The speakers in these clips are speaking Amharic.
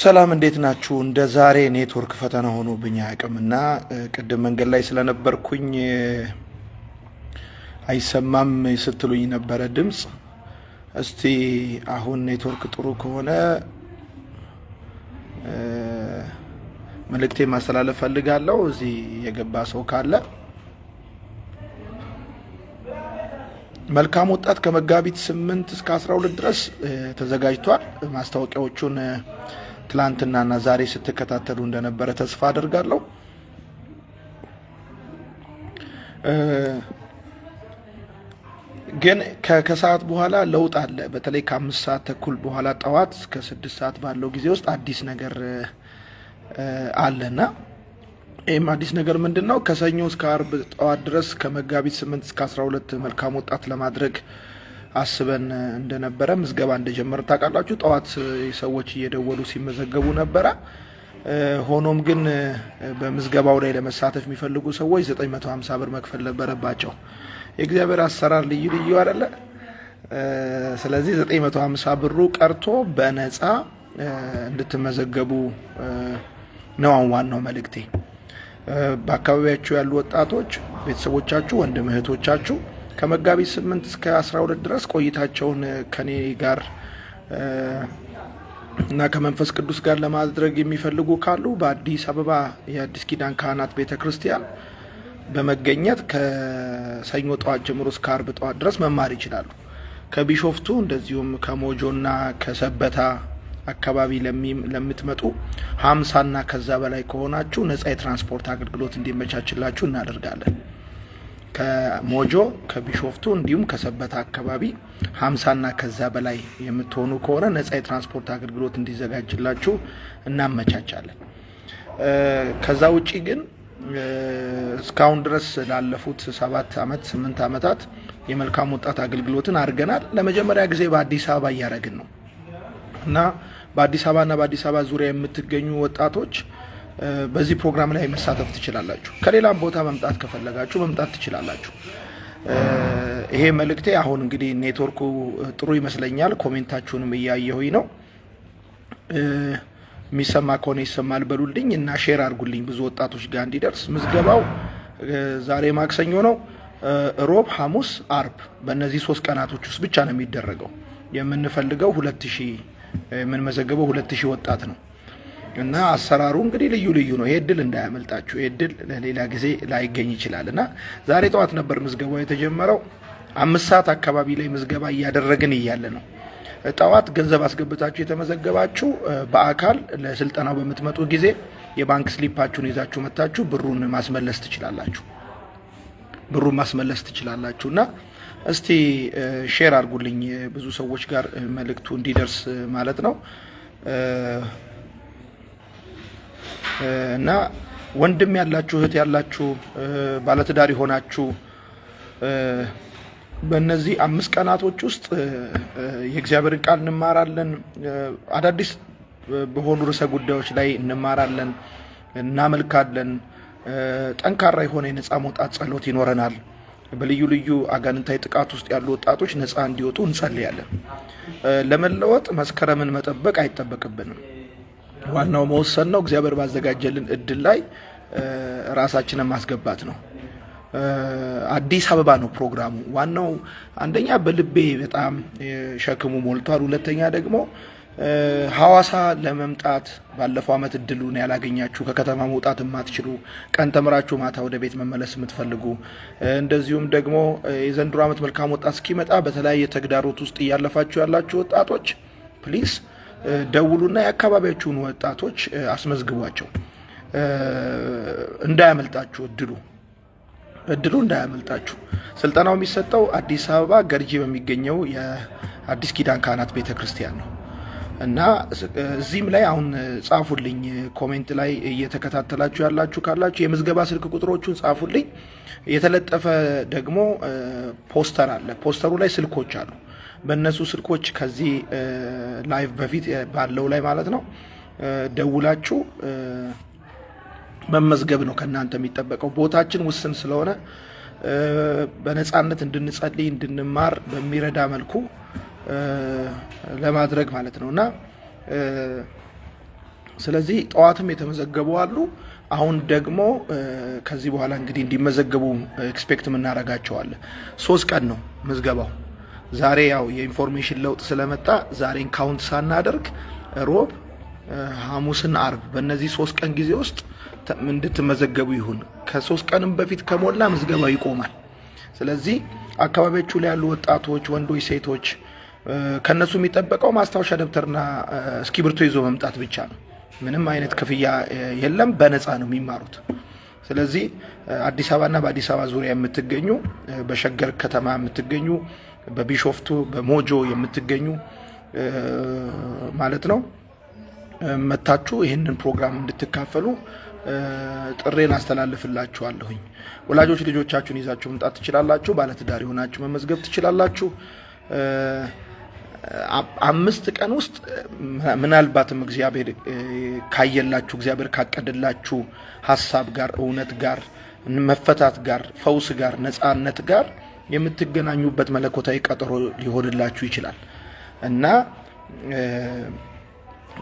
ሰላም እንዴት ናችሁ? እንደ ዛሬ ኔትወርክ ፈተና ሆኖብኝ አያውቅምና ቅድም መንገድ ላይ ስለነበርኩኝ አይሰማም ስትሉኝ ነበረ ድምፅ። እስቲ አሁን ኔትወርክ ጥሩ ከሆነ መልእክቴ ማስተላለፍ ፈልጋለሁ። እዚህ የገባ ሰው ካለ መልካም ወጣት ከመጋቢት ስምንት እስከ አስራ ሁለት ድረስ ተዘጋጅቷል። ማስታወቂያዎቹን ትላንትናና ዛሬ ስትከታተሉ እንደነበረ ተስፋ አደርጋለሁ። ግን ከሰዓት በኋላ ለውጥ አለ። በተለይ ከአምስት ሰዓት ተኩል በኋላ ጠዋት እስከ ስድስት ሰዓት ባለው ጊዜ ውስጥ አዲስ ነገር አለና ይህም አዲስ ነገር ምንድን ነው? ከሰኞ እስከ አርብ ጠዋት ድረስ ከመጋቢት ስምንት እስከ አስራ ሁለት መልካም ወጣት ለማድረግ አስበን እንደነበረ ምዝገባ እንደጀመረ ታውቃላችሁ። ጠዋት ሰዎች እየደወሉ ሲመዘገቡ ነበረ። ሆኖም ግን በምዝገባው ላይ ለመሳተፍ የሚፈልጉ ሰዎች 950 ብር መክፈል ነበረባቸው። የእግዚአብሔር አሰራር ልዩ ልዩ አይደለ? ስለዚህ 950 ብሩ ቀርቶ በነፃ እንድትመዘገቡ ነው አሁን ዋናው መልእክቴ። በአካባቢያችሁ ያሉ ወጣቶች ቤተሰቦቻችሁ፣ ወንድም እህቶቻችሁ ከመጋቢት 8 እስከ 12 ድረስ ቆይታቸውን ከኔ ጋር እና ከመንፈስ ቅዱስ ጋር ለማድረግ የሚፈልጉ ካሉ በአዲስ አበባ የአዲስ ኪዳን ካህናት ቤተ ክርስቲያን በመገኘት ከሰኞ ጠዋት ጀምሮ እስከ አርብ ጠዋት ድረስ መማር ይችላሉ። ከቢሾፍቱ እንደዚሁም ከሞጆና ከሰበታ አካባቢ ለምትመጡ ሀምሳና ከዛ በላይ ከሆናችሁ ነጻ የትራንስፖርት አገልግሎት እንዲመቻችላችሁ እናደርጋለን። ከሞጆ ከቢሾፍቱ እንዲሁም ከሰበታ አካባቢ ሀምሳና ከዛ በላይ የምትሆኑ ከሆነ ነፃ የትራንስፖርት አገልግሎት እንዲዘጋጅላችሁ እናመቻቻለን። ከዛ ውጪ ግን እስካሁን ድረስ ላለፉት ሰባት ዓመት ስምንት ዓመታት የመልካም ወጣት አገልግሎትን አድርገናል። ለመጀመሪያ ጊዜ በአዲስ አበባ እያደረግን ነው እና በአዲስ አበባና በአዲስ አበባ ዙሪያ የምትገኙ ወጣቶች በዚህ ፕሮግራም ላይ መሳተፍ ትችላላችሁ። ከሌላም ቦታ መምጣት ከፈለጋችሁ መምጣት ትችላላችሁ። ይሄ መልእክቴ። አሁን እንግዲህ ኔትወርኩ ጥሩ ይመስለኛል። ኮሜንታችሁንም እያየሁኝ ነው። የሚሰማ ከሆነ ይሰማል በሉልኝ እና ሼር አድርጉልኝ ብዙ ወጣቶች ጋር እንዲደርስ። ምዝገባው ዛሬ ማክሰኞ ነው። ሮብ፣ ሐሙስ፣ አርብ በእነዚህ ሶስት ቀናቶች ውስጥ ብቻ ነው የሚደረገው። የምንፈልገው ሁለት ሺህ የምንመዘገበው ሁለት ሺህ ወጣት ነው። እና አሰራሩ እንግዲህ ልዩ ልዩ ነው። ይሄ እድል እንዳያመልጣችሁ። ይሄ እድል ለሌላ ጊዜ ላይገኝ ይችላል እና ዛሬ ጠዋት ነበር ምዝገባው የተጀመረው። አምስት ሰዓት አካባቢ ላይ ምዝገባ እያደረግን እያለ ነው። ጠዋት ገንዘብ አስገብታችሁ የተመዘገባችሁ በአካል ለስልጠናው በምትመጡ ጊዜ የባንክ ስሊፓችሁን ይዛችሁ መታችሁ ብሩን ማስመለስ ትችላላችሁ። ብሩን ማስመለስ ትችላላችሁ እና እስቲ ሼር አድርጉልኝ ብዙ ሰዎች ጋር መልእክቱ እንዲደርስ ማለት ነው። እና ወንድም ያላችሁ እህት ያላችሁ ባለትዳር የሆናችሁ በእነዚህ አምስት ቀናቶች ውስጥ የእግዚአብሔርን ቃል እንማራለን። አዳዲስ በሆኑ ርዕሰ ጉዳዮች ላይ እንማራለን፣ እናመልካለን። ጠንካራ የሆነ የነፃ መውጣት ጸሎት ይኖረናል። በልዩ ልዩ አጋንንታዊ ጥቃት ውስጥ ያሉ ወጣቶች ነፃ እንዲወጡ እንጸልያለን። ለመለወጥ መስከረምን መጠበቅ አይጠበቅብንም። ዋናው መወሰን ነው። እግዚአብሔር ባዘጋጀልን እድል ላይ ራሳችንን ማስገባት ነው። አዲስ አበባ ነው ፕሮግራሙ። ዋናው አንደኛ በልቤ በጣም ሸክሙ ሞልቷል። ሁለተኛ ደግሞ ሐዋሳ ለመምጣት ባለፈው ዓመት እድሉን ያላገኛችሁ ከከተማ መውጣት የማትችሉ ቀን ተምራችሁ ማታ ወደ ቤት መመለስ የምትፈልጉ እንደዚሁም ደግሞ የዘንድሮ ዓመት መልካም ወጣት እስኪመጣ በተለያየ ተግዳሮት ውስጥ እያለፋችሁ ያላችሁ ወጣቶች ፕሊዝ ደውሉና የአካባቢያችሁን ወጣቶች አስመዝግቧቸው። እንዳያመልጣችሁ እድሉ እድሉ እንዳያመልጣችሁ። ስልጠናው የሚሰጠው አዲስ አበባ ገርጂ በሚገኘው የአዲስ ኪዳን ካህናት ቤተ ክርስቲያን ነው እና እዚህም ላይ አሁን ጻፉልኝ፣ ኮሜንት ላይ እየተከታተላችሁ ያላችሁ ካላችሁ የምዝገባ ስልክ ቁጥሮቹን ጻፉልኝ። የተለጠፈ ደግሞ ፖስተር አለ። ፖስተሩ ላይ ስልኮች አሉ። በእነሱ ስልኮች ከዚህ ላይቭ በፊት ባለው ላይ ማለት ነው ደውላችሁ መመዝገብ ነው ከእናንተ የሚጠበቀው። ቦታችን ውስን ስለሆነ በነፃነት እንድንጸልይ እንድንማር በሚረዳ መልኩ ለማድረግ ማለት ነው እና ስለዚህ ጠዋትም የተመዘገቡ አሉ። አሁን ደግሞ ከዚህ በኋላ እንግዲህ እንዲመዘገቡ ኤክስፔክት የምናደርጋቸዋለን። ሶስት ቀን ነው ምዝገባው። ዛሬ ያው የኢንፎርሜሽን ለውጥ ስለመጣ ዛሬን ካውንት ሳናደርግ ሮብ፣ ሀሙስን አርብ በእነዚህ ሶስት ቀን ጊዜ ውስጥ እንድትመዘገቡ ይሁን። ከሶስት ቀንም በፊት ከሞላ ምዝገባ ይቆማል። ስለዚህ አካባቢያችሁ ላይ ያሉ ወጣቶች፣ ወንዶች፣ ሴቶች ከነሱ የሚጠበቀው ማስታወሻ ደብተርና እስክሪብቶ ይዞ መምጣት ብቻ ነው። ምንም አይነት ክፍያ የለም። በነፃ ነው የሚማሩት። ስለዚህ አዲስ አበባና በአዲስ አበባ ዙሪያ የምትገኙ በሸገር ከተማ የምትገኙ በቢሾፍቱ በሞጆ የምትገኙ ማለት ነው መታችሁ ይህንን ፕሮግራም እንድትካፈሉ ጥሬን አስተላልፍላችኋለሁኝ። ወላጆች ልጆቻችሁን ይዛችሁ መምጣት ትችላላችሁ። ባለትዳር የሆናችሁ መመዝገብ ትችላላችሁ። አምስት ቀን ውስጥ ምናልባትም እግዚአብሔር ካየላችሁ እግዚአብሔር ካቀደላችሁ ሀሳብ ጋር እውነት ጋር መፈታት ጋር ፈውስ ጋር ነፃነት ጋር የምትገናኙበት መለኮታዊ ቀጠሮ ሊሆንላችሁ ይችላል እና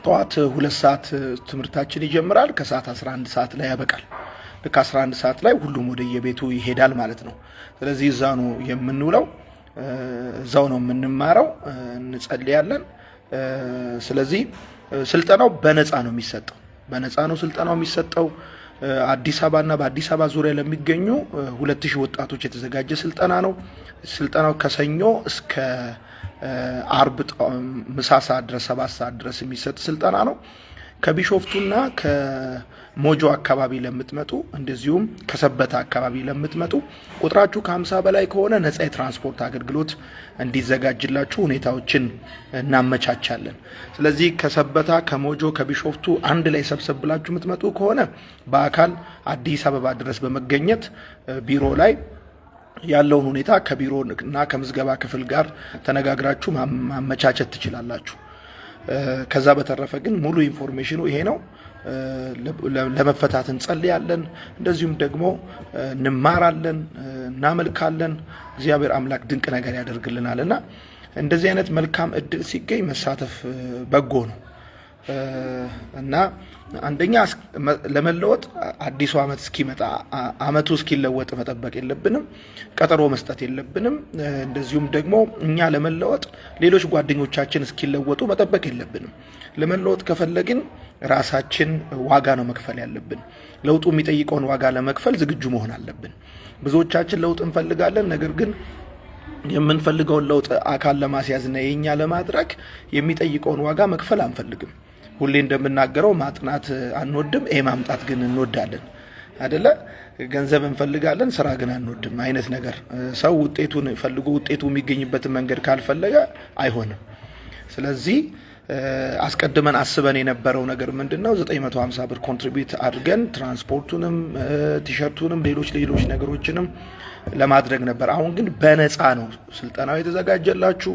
ጠዋት ሁለት ሰዓት ትምህርታችን ይጀምራል። ከሰዓት 11 ሰዓት ላይ ያበቃል። ልክ 11 ሰዓት ላይ ሁሉም የቤቱ ይሄዳል ማለት ነው። ስለዚህ እዛ ነው የምንውለው፣ እዛው ነው የምንማረው፣ እንጸልያለን። ስለዚህ ስልጠናው በነፃ ነው የሚሰጠው፣ በነፃ ነው ስልጠናው የሚሰጠው። አዲስ አበባና በአዲስ አበባ ዙሪያ ለሚገኙ ሁለት ሺህ ወጣቶች የተዘጋጀ ስልጠና ነው። ስልጠናው ከሰኞ እስከ አርብ ምሳ ሰዓት ድረስ ሰባት ሰዓት ድረስ የሚሰጥ ስልጠና ነው። ከቢሾፍቱና ሞጆ አካባቢ ለምትመጡ እንደዚሁም ከሰበታ አካባቢ ለምትመጡ ቁጥራችሁ ከ50 በላይ ከሆነ ነጻ የትራንስፖርት አገልግሎት እንዲዘጋጅላችሁ ሁኔታዎችን እናመቻቻለን። ስለዚህ ከሰበታ፣ ከሞጆ፣ ከቢሾፍቱ አንድ ላይ ሰብሰብ ብላችሁ የምትመጡ ከሆነ በአካል አዲስ አበባ ድረስ በመገኘት ቢሮ ላይ ያለውን ሁኔታ ከቢሮ እና ከምዝገባ ክፍል ጋር ተነጋግራችሁ ማመቻቸት ትችላላችሁ። ከዛ በተረፈ ግን ሙሉ ኢንፎርሜሽኑ ይሄ ነው። ለመፈታት እንጸልያለን። እንደዚሁም ደግሞ እንማራለን፣ እናመልካለን። እግዚአብሔር አምላክ ድንቅ ነገር ያደርግልናል እና እንደዚህ አይነት መልካም እድል ሲገኝ መሳተፍ በጎ ነው። እና አንደኛ ለመለወጥ አዲሱ ዓመት እስኪመጣ ዓመቱ እስኪለወጥ መጠበቅ የለብንም። ቀጠሮ መስጠት የለብንም። እንደዚሁም ደግሞ እኛ ለመለወጥ ሌሎች ጓደኞቻችን እስኪለወጡ መጠበቅ የለብንም። ለመለወጥ ከፈለግን ራሳችን ዋጋ ነው መክፈል ያለብን። ለውጡ የሚጠይቀውን ዋጋ ለመክፈል ዝግጁ መሆን አለብን። ብዙዎቻችን ለውጥ እንፈልጋለን፣ ነገር ግን የምንፈልገውን ለውጥ አካል ለማስያዝና የእኛ ለማድረግ የሚጠይቀውን ዋጋ መክፈል አንፈልግም። ሁሌ እንደምናገረው ማጥናት አንወድም፣ ኤ ማምጣት ግን እንወዳለን አደለ? ገንዘብ እንፈልጋለን፣ ስራ ግን አንወድም አይነት ነገር። ሰው ውጤቱን ፈልጎ ውጤቱ የሚገኝበትን መንገድ ካልፈለገ አይሆንም። ስለዚህ አስቀድመን አስበን የነበረው ነገር ምንድን ነው? 950 ብር ኮንትሪቢዩት አድርገን ትራንስፖርቱንም፣ ቲሸርቱንም፣ ሌሎች ሌሎች ነገሮችንም ለማድረግ ነበር። አሁን ግን በነፃ ነው ስልጠናው የተዘጋጀላችሁ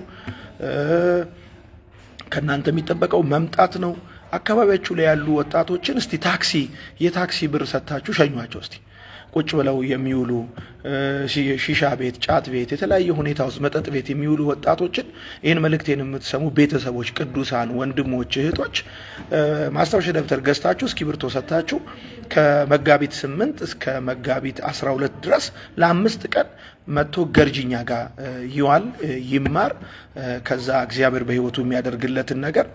ከእናንተ የሚጠበቀው መምጣት ነው። አካባቢያችሁ ላይ ያሉ ወጣቶችን እስቲ ታክሲ የታክሲ ብር ሰጥታችሁ ሸኟቸው እስቲ ቁጭ ብለው የሚውሉ ሺሻ ቤት፣ ጫት ቤት፣ የተለያየ ሁኔታ ውስጥ መጠጥ ቤት የሚውሉ ወጣቶችን ይህን መልእክቴን የምትሰሙ ቤተሰቦች፣ ቅዱሳን ወንድሞች፣ እህቶች ማስታወሻ ደብተር ገዝታችሁ እስክሪብቶ ሰጥታችሁ ከመጋቢት ስምንት እስከ መጋቢት አስራ ሁለት ድረስ ለአምስት ቀን መጥቶ ገርጂኛ ጋር ይዋል ይማር። ከዛ እግዚአብሔር በህይወቱ የሚያደርግለትን ነገር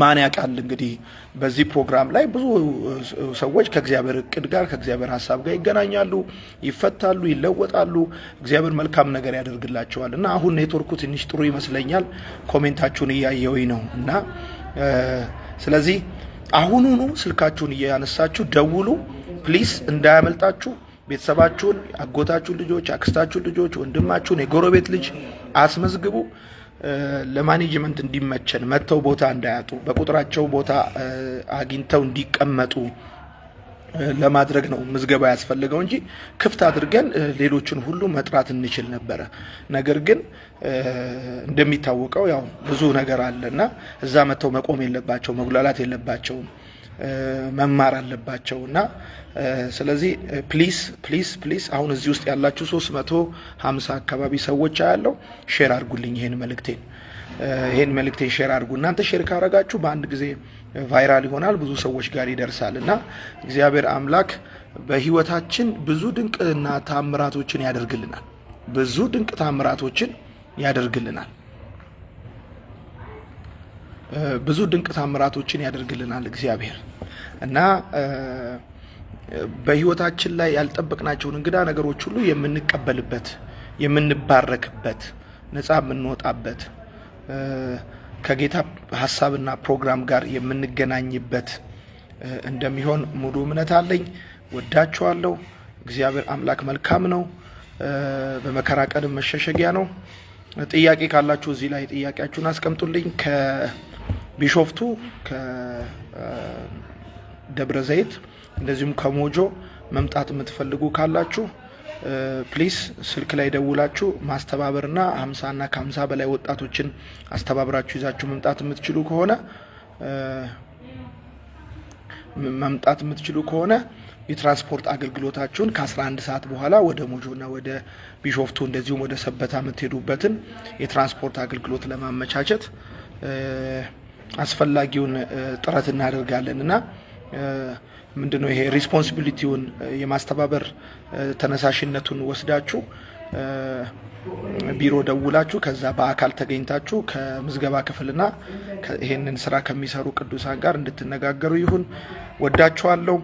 ማን ያውቃል እንግዲህ በዚህ ፕሮግራም ላይ ብዙ ሰዎች ከእግዚአብሔር እቅድ ጋር ከእግዚአብሔር ሀሳብ ጋር ይገናኛሉ፣ ይፈታሉ፣ ይለወጣሉ። እግዚአብሔር መልካም ነገር ያደርግላቸዋል እና አሁን ኔትወርኩ ትንሽ ጥሩ ይመስለኛል። ኮሜንታችሁን እያየሁኝ ነው እና ስለዚህ አሁኑኑ ስልካችሁን እያነሳችሁ ደውሉ ፕሊስ፣ እንዳያመልጣችሁ። ቤተሰባችሁን፣ አጎታችሁን ልጆች፣ አክስታችሁን ልጆች፣ ወንድማችሁን፣ የጎረቤት ልጅ አስመዝግቡ። ለማኔጅመንት እንዲመቸን መጥተው ቦታ እንዳያጡ በቁጥራቸው ቦታ አግኝተው እንዲቀመጡ ለማድረግ ነው ምዝገባ ያስፈልገው እንጂ ክፍት አድርገን ሌሎችን ሁሉ መጥራት እንችል ነበረ። ነገር ግን እንደሚታወቀው ያው ብዙ ነገር አለ እና እዛ መጥተው መቆም የለባቸው መጉላላት የለባቸውም። መማር አለባቸው እና ስለዚህ ፕሊስ ፕሊስ ፕሊስ አሁን እዚህ ውስጥ ያላችሁ 350 አካባቢ ሰዎች አያለው። ሼር አድርጉልኝ ይሄን መልእክቴን ይሄን መልእክቴን ሼር አድርጉ። እናንተ ሼር ካረጋችሁ በአንድ ጊዜ ቫይራል ይሆናል፣ ብዙ ሰዎች ጋር ይደርሳል እና እግዚአብሔር አምላክ በህይወታችን ብዙ ድንቅና ታምራቶችን ያደርግልናል። ብዙ ድንቅ ታምራቶችን ያደርግልናል። ብዙ ድንቅ ታምራቶችን ያደርግልናል እግዚአብሔር እና በህይወታችን ላይ ያልጠበቅናቸውን እንግዳ ነገሮች ሁሉ የምንቀበልበት፣ የምንባረክበት፣ ነፃ የምንወጣበት፣ ከጌታ ሀሳብና ፕሮግራም ጋር የምንገናኝበት እንደሚሆን ሙሉ እምነት አለኝ። ወዳችኋለሁ። እግዚአብሔር አምላክ መልካም ነው። በመከራ ቀንም መሸሸጊያ ነው። ጥያቄ ካላችሁ እዚህ ላይ ጥያቄያችሁን አስቀምጡልኝ። ቢሾፍቱ ከደብረ ዘይት እንደዚሁም ከሞጆ መምጣት የምትፈልጉ ካላችሁ ፕሊስ ስልክ ላይ ደውላችሁ ማስተባበርና ሀምሳና ከሀምሳ በላይ ወጣቶችን አስተባብራችሁ ይዛችሁ መምጣት የምትችሉ ከሆነ መምጣት የምትችሉ ከሆነ የትራንስፖርት አገልግሎታችሁን ከ11 ሰዓት በኋላ ወደ ሞጆና ወደ ቢሾፍቱ እንደዚሁም ወደ ሰበታ የምትሄዱበትን የትራንስፖርት አገልግሎት ለማመቻቸት አስፈላጊውን ጥረት እናደርጋለን እና ምንድነው ይሄ ሪስፖንሲቢሊቲውን የማስተባበር ተነሳሽነቱን ወስዳችሁ ቢሮ ደውላችሁ ከዛ በአካል ተገኝታችሁ ከምዝገባ ክፍልና ይሄንን ስራ ከሚሰሩ ቅዱሳን ጋር እንድትነጋገሩ ይሁን። ወዳችኋለሁ።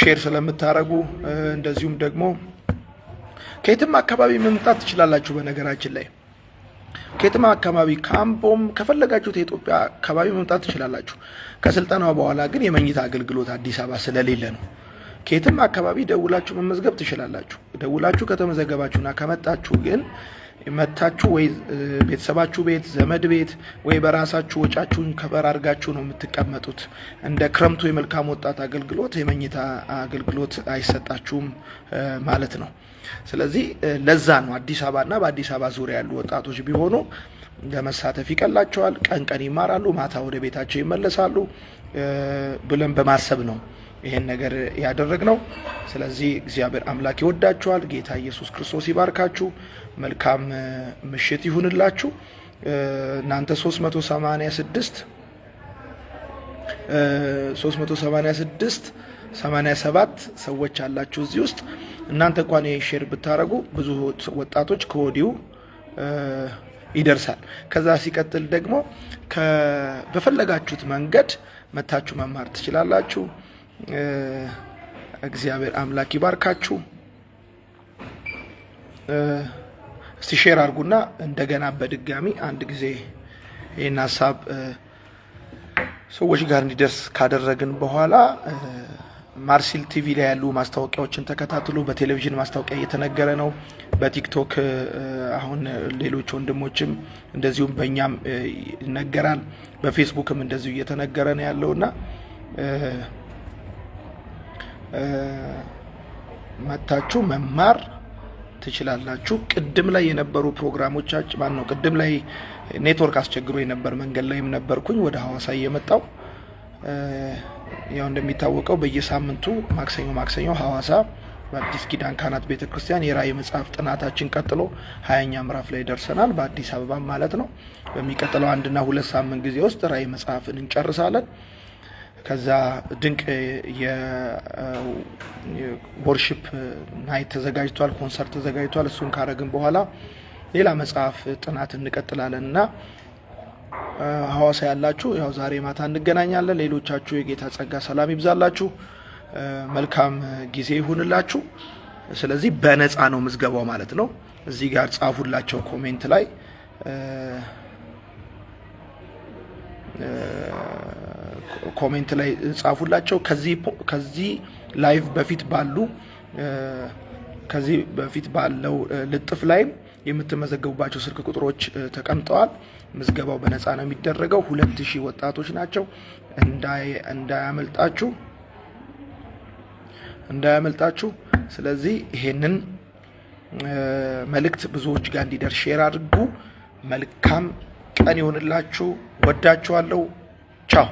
ሼር ስለምታረጉ እንደዚሁም ደግሞ ከየትም አካባቢ መምጣት ትችላላችሁ። በነገራችን ላይ ኬትማ አካባቢ ካምፖም ከፈለጋችሁት የኢትዮጵያ አካባቢ መምጣት ትችላላችሁ። ከስልጠናው በኋላ ግን የመኝታ አገልግሎት አዲስ አበባ ስለሌለ ነው። ከየትም አካባቢ ደውላችሁ መመዝገብ ትችላላችሁ። ደውላችሁ ከተመዘገባችሁና ከመጣችሁ ግን መታችሁ ወይ ቤተሰባችሁ ቤት ዘመድ ቤት ወይ በራሳችሁ ወጫችሁን ከበር አድርጋችሁ ነው የምትቀመጡት። እንደ ክረምቱ የመልካም ወጣት አገልግሎት የመኝታ አገልግሎት አይሰጣችሁም ማለት ነው። ስለዚህ ለዛ ነው አዲስ አበባና በአዲስ አበባ ዙሪያ ያሉ ወጣቶች ቢሆኑ ለመሳተፍ ይቀላቸዋል። ቀን ቀን ይማራሉ፣ ማታ ወደ ቤታቸው ይመለሳሉ ብለን በማሰብ ነው ይህን ነገር ያደረግ ነው። ስለዚህ እግዚአብሔር አምላክ ይወዳችኋል። ጌታ ኢየሱስ ክርስቶስ ይባርካችሁ። መልካም ምሽት ይሁንላችሁ። እናንተ 386 386 87 ሰዎች አላችሁ እዚህ ውስጥ እናንተ እንኳን ሼር ብታደረጉ ብዙ ወጣቶች ከወዲሁ ይደርሳል። ከዛ ሲቀጥል ደግሞ በፈለጋችሁት መንገድ መታችሁ መማር ትችላላችሁ። እግዚአብሔር አምላክ ይባርካችሁ። እስቲ ሼር አድርጉና እንደገና በድጋሚ አንድ ጊዜ ይህን ሀሳብ ሰዎች ጋር እንዲደርስ ካደረግን በኋላ ማርሲል ቲቪ ላይ ያሉ ማስታወቂያዎችን ተከታትሎ በቴሌቪዥን ማስታወቂያ እየተነገረ ነው። በቲክቶክ አሁን ሌሎች ወንድሞችም እንደዚሁም በእኛም ይነገራል። በፌስቡክም እንደዚሁ እየተነገረ ነው ያለውና መታችሁ መማር ትችላላችሁ። ቅድም ላይ የነበሩ ፕሮግራሞቻችን ማን ነው? ቅድም ላይ ኔትወርክ አስቸግሮ የነበር መንገድ ላይም ነበርኩኝ ወደ ሐዋሳ እየመጣው ያው እንደሚታወቀው በየሳምንቱ ማክሰኞ ማክሰኞ ሐዋሳ በአዲስ ኪዳን ካህናት ቤተ ክርስቲያን የራእይ መጽሐፍ ጥናታችን ቀጥሎ ሀያኛ ምዕራፍ ላይ ደርሰናል። በአዲስ አበባ ማለት ነው። በሚቀጥለው አንድና ሁለት ሳምንት ጊዜ ውስጥ ራእይ መጽሐፍን እንጨርሳለን። ከዛ ድንቅ የወርሽፕ ናይት ተዘጋጅቷል፣ ኮንሰርት ተዘጋጅቷል። እሱን ካረግን በኋላ ሌላ መጽሐፍ ጥናት እንቀጥላለን እና ሐዋሳ ያላችሁ ያው ዛሬ ማታ እንገናኛለን። ሌሎቻችሁ የጌታ ጸጋ ሰላም ይብዛላችሁ። መልካም ጊዜ ይሁንላችሁ። ስለዚህ በነፃ ነው ምዝገባው ማለት ነው። እዚህ ጋር ጻፉላቸው ኮሜንት ላይ ኮሜንት ላይ ጻፉላቸው። ከዚህ ላይቭ በፊት ባሉ ከዚህ በፊት ባለው ልጥፍ ላይም የምትመዘገቡባቸው ስልክ ቁጥሮች ተቀምጠዋል። ምዝገባው በነፃ ነው የሚደረገው። ሁለት ሺህ ወጣቶች ናቸው። እንዳያመልጣችሁ እንዳያመልጣችሁ። ስለዚህ ይሄንን መልእክት ብዙዎች ጋር እንዲደርስ ሼር አድርጉ። መልካም ቀን ይሆንላችሁ። ወዳችኋለሁ። ቻው